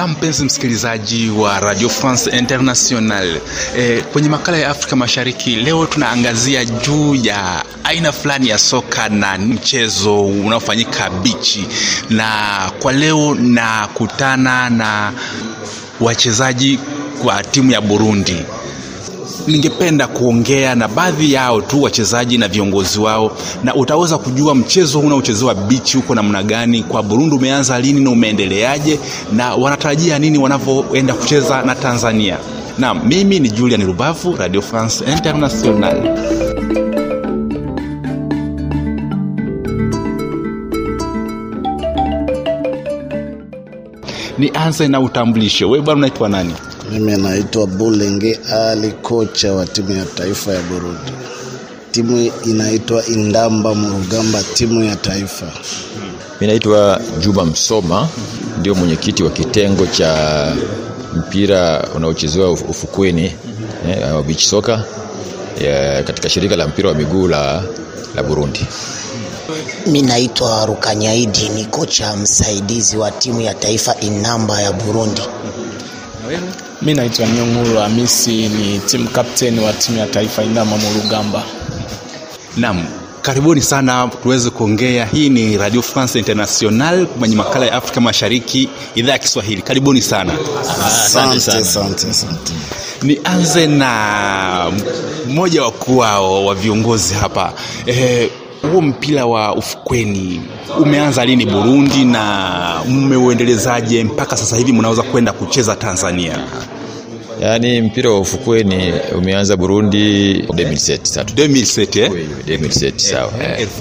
na mpenzi msikilizaji wa radio france international e, eh, kwenye makala ya afrika mashariki leo tunaangazia juu ya aina fulani ya soka na mchezo unaofanyika bichi na kwa leo nakutana na wachezaji kwa timu ya burundi lingependa kuongea na baadhi yao tu wachezaji na viongozi wao, na utaweza kujua mchezo huu unaochezewa bichi huko namna gani, kwa Burundi umeanza lini na umeendeleaje, na wanatarajia nini wanavyoenda kucheza na Tanzania. nam mimi ni Julian Rubavu, Radio France International. Nianze na utambulisho. Wewe bwana unaitwa nani? Mimi naitwa Bulenge Ali, kocha wa timu ya taifa ya Burundi. Timu inaitwa Indamba Murugamba, timu ya taifa. Mimi naitwa Juma Msoma, ndio mwenyekiti wa kitengo cha mpira unaochezewa ufukweni eh, beach soccer ya, katika shirika la mpira wa miguu la, la Burundi. Mi naitwa Rukanyaidi, ni kocha msaidizi wa timu ya taifa Inamba ya Burundi. Mi naitwa Nyong'ulu Hamisi, ni timu captain wa timu ya taifa Indama Murugamba. Naam, karibuni sana tuweze kuongea. Hii ni Radio France International kwenye makala ya Afrika Mashariki, idhaa ya Kiswahili. Karibuni sana. Asante sana. Asante, asante. Nianze na mmoja kuwao wa viongozi hapa eh, huo mpira wa ufukweni umeanza lini Burundi na mmeuendelezaje mpaka sasa hivi mnaweza kwenda kucheza Tanzania? Yaani mpira wa ufukweni umeanza Burundi 2007 2007 2007 sawa.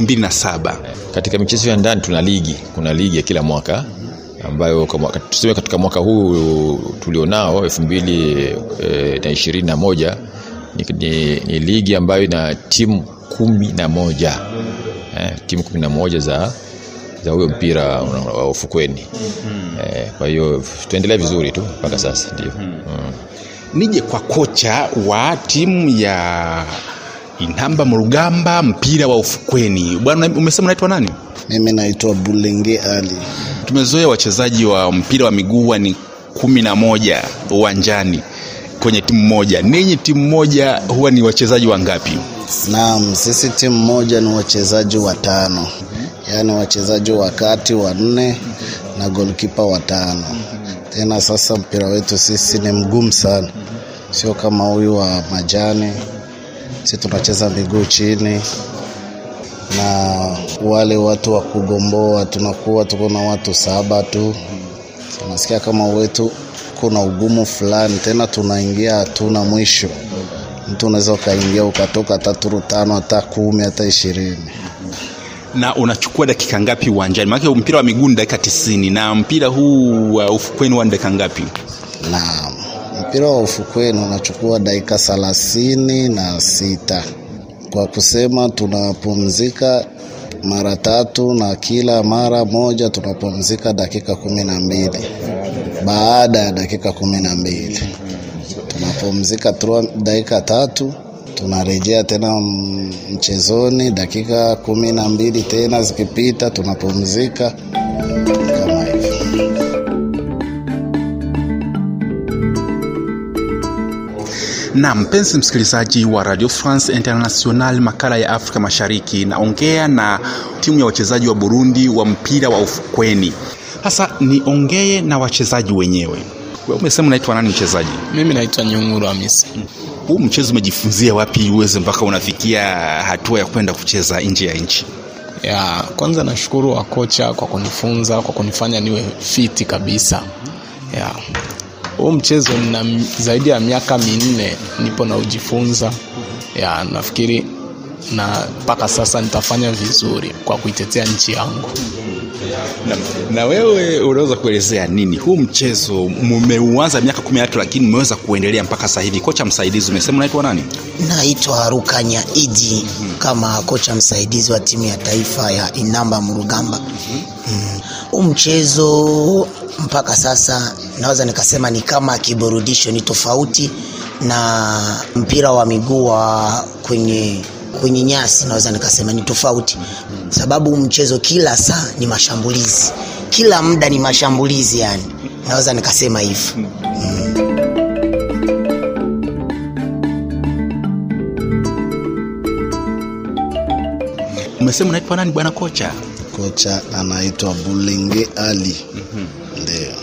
2007. Eh, katika michezo ya ndani tuna ligi, kuna ligi ya kila mwaka ambayo tuseme katika mwaka huu tulionao 2021 e, eh, ni, ni, ni ligi ambayo ina timu kumi na moja eh, timu 11 za za huyo mpira wa ufukweni mm-hmm. eh, kwa hiyo tuendelee vizuri tu mpaka sasa ndio mm-hmm. mm. nije kwa kocha wa timu ya inamba murugamba mpira wa ufukweni bwana umesema unaitwa nani mimi naitwa bulenge ali tumezoea wachezaji wa mpira wa miguu ni kumi na moja uwanjani kwenye timu moja. Ninyi timu moja huwa ni wachezaji wangapi? Naam, sisi timu moja ni wachezaji watano, yaani wachezaji wa kati wanne na golkipa watano. Tena sasa mpira wetu sisi ni mgumu sana, sio kama huyu wa majani. Sisi tunacheza miguu chini na wale watu wa kugomboa, tunakuwa tuko na watu saba tu, tunasikia kama wetu kuna ugumu fulani, tena tunaingia hatuna mwisho. Mtu unaweza ukaingia ukatoka hata turu tano hata kumi hata ishirini na unachukua dakika ngapi uwanjani? Maana mpira wa miguu ni dakika tisini na mpira huu wa uh, ufukweni huwa ni dakika ngapi? na mpira wa ufukweni unachukua dakika thelathini na sita kwa kusema tunapumzika mara tatu na kila mara moja tunapumzika dakika kumi na mbili baada ya dakika kumi na mbili tunapumzika dakika tatu tunarejea tena mchezoni dakika kumi na mbili tena zikipita tunapumzika kama na mpenzi msikilizaji wa radio france international makala ya afrika mashariki naongea na timu ya wachezaji wa burundi wa mpira wa ufukweni sasa niongee na wachezaji wenyewe. Wewe umesema unaitwa nani mchezaji? Mimi naitwa Nyunguru Hamisi. Mm. Huu mchezo umejifunzia wapi uweze mpaka unafikia hatua ya kwenda kucheza nje ya nchi? Ya, kwanza nashukuru wakocha kwa kunifunza, kwa kunifanya niwe fiti kabisa. Ya. Huu mchezo nina zaidi ya miaka minne nipo na ujifunza. Ya, nafikiri na mpaka sasa nitafanya vizuri kwa kuitetea nchi yangu na, na wewe unaweza kuelezea nini huu mchezo mmeuanza miaka kumi yatu lakini mmeweza kuendelea mpaka sasa hivi kocha msaidizi umesema unaitwa nani naitwa rukanya iji mm-hmm. kama kocha msaidizi wa timu ya taifa ya inamba murugamba mm-hmm. huu mchezo mpaka sasa naweza nikasema ni kama kiburudisho ni tofauti na mpira wa miguu wa kwenye kwenye nyasi naweza nikasema ni tofauti, sababu mchezo kila saa ni mashambulizi, kila muda ni mashambulizi, yani naweza nikasema hivyo mm. Umesema unaitwa nani bwana kocha? Kocha anaitwa Bulenge Ali. mm -hmm. Ndio.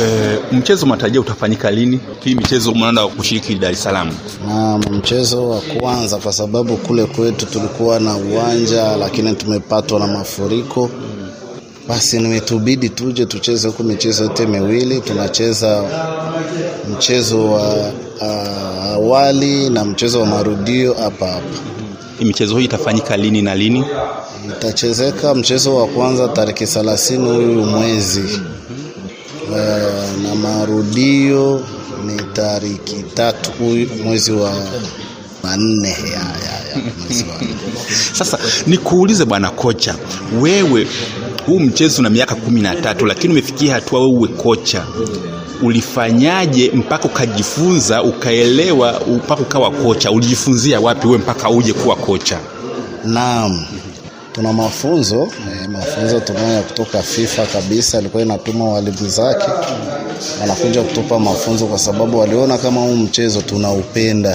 E, mchezo matarajia utafanyika lini? Hii michezo mnaenda kushiriki Dar es Salaam? Naam, mchezo wa kwanza, kwa sababu kule kwetu tulikuwa na uwanja lakini tumepatwa na mafuriko basi nimetubidi tuje tucheze huku michezo yote miwili. Tunacheza mchezo wa ah, awali na mchezo wa marudio hapa hapa. Michezo hii itafanyika lini na lini? Itachezeka mchezo wa kwanza tarehe 30 huyu mwezi. Eh, na marudio ni tariki tatu mwezi wa manne ya, ya, ya, mwezi wa sasa nikuulize bwana kocha wewe huu mchezo na miaka kumi na tatu lakini umefikia hatua wewe uwe kocha ulifanyaje mpaka ukajifunza ukaelewa mpaka ukawa kocha ulijifunzia wapi wewe mpaka uje kuwa kocha naam tuna mafunzo eh, mafunzo tunayo kutoka FIFA kabisa, alikuwa inatuma walimu zake wanakuja kutupa mafunzo, kwa sababu waliona kama huu mchezo tunaupenda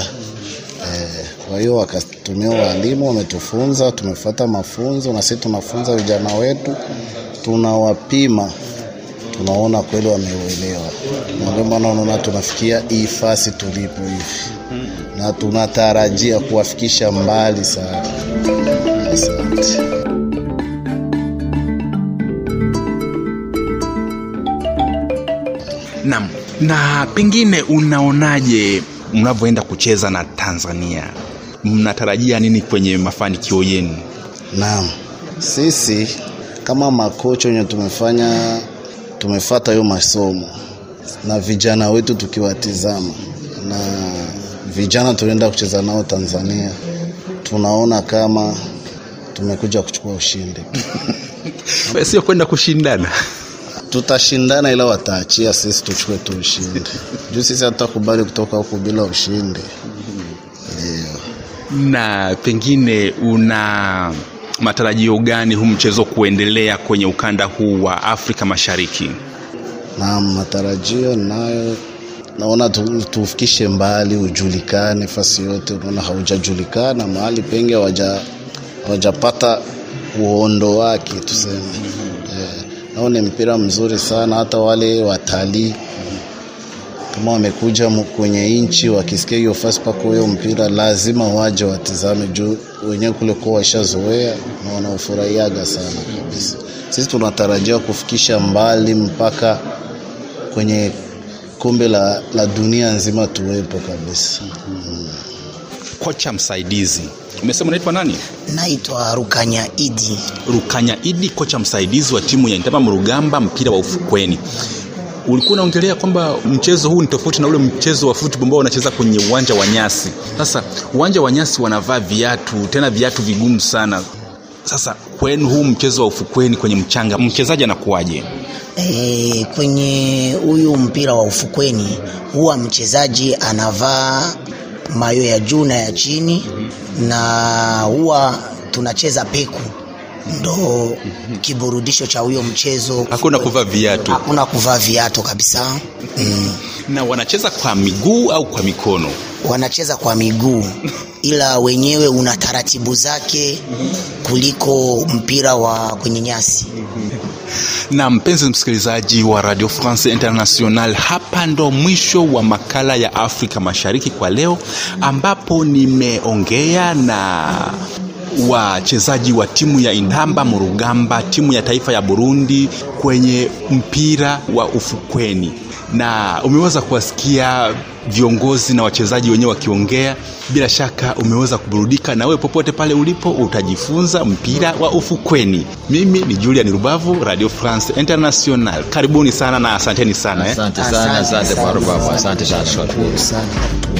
eh, kwa hiyo wakatumia walimu, wametufunza, tumefuata mafunzo na sisi tunafunza vijana wetu, tunawapima tunaona kweli wameuelewa, na ndio maana unaona tunafikia hii fasi tulipo hivi, na tunatarajia kuwafikisha mbali sana. Asante. Naam, na pengine unaonaje mnavyoenda kucheza na Tanzania, mnatarajia nini kwenye mafanikio yenu? Naam, sisi kama makocha wenye tumefanya tumefata hiyo masomo na vijana wetu tukiwatizama na vijana tunaenda kucheza nao Tanzania, tunaona kama tumekuja kuchukua ushindi sio kwenda kushindana tutashindana ila wataachia sisi tuchukue tu ushindi juu sisi hatutakubali kutoka huku bila ushindi ndio na pengine una matarajio gani huu mchezo kuendelea kwenye ukanda huu wa afrika mashariki naam matarajio nayo naona tufikishe mbali ujulikane fasi yote unaona haujajulikana mahali penge waja hawajapata uondo wake tuseme yeah. nao ni mpira mzuri sana hata wale watalii kama wamekuja kwenye nchi wakisikia hiyo fasi pako huyo mpira lazima waje watizame juu wenyewe kule kuwa washazoea na wanaofurahiaga sana kabisa sisi tunatarajia kufikisha mbali mpaka kwenye kombe la, la dunia nzima tuwepo kabisa mm kocha msaidizi umesema unaitwa nani naitwa rukanya idi rukanya idi kocha msaidizi wa timu ya intamba mrugamba mpira wa ufukweni ulikuwa unaongelea kwamba mchezo huu ni tofauti na ule mchezo wa football ambao wanacheza kwenye uwanja wa nyasi sasa uwanja wa nyasi wanavaa viatu tena viatu vigumu sana sasa kwenu huu mchezo wa ufukweni kwenye mchanga mchezaji anakuwaje e, kwenye huyu mpira wa ufukweni huwa mchezaji anavaa mayo ya juu na ya chini na huwa tunacheza peku ndo kiburudisho cha huyo mchezo. Hakuna kuvaa viatu, hakuna kuvaa viatu kabisa mm. Na wanacheza kwa miguu au kwa mikono? Wanacheza kwa miguu, ila wenyewe una taratibu zake kuliko mpira wa kwenye nyasi na mpenzi msikilizaji wa radio france international hapa ndo mwisho wa makala ya afrika mashariki kwa leo ambapo nimeongea na wachezaji wa timu ya intamba Murugamba, timu ya taifa ya Burundi kwenye mpira wa ufukweni, na umeweza kuwasikia viongozi na wachezaji wenyewe wakiongea bila shaka umeweza kuburudika na wewe popote pale ulipo utajifunza mpira wa ufukweni mimi ni julian rubavu radio france international karibuni sana na asanteni sana asante eh. asante, asante, asante, asante, asante, asante, asante, asante, asante.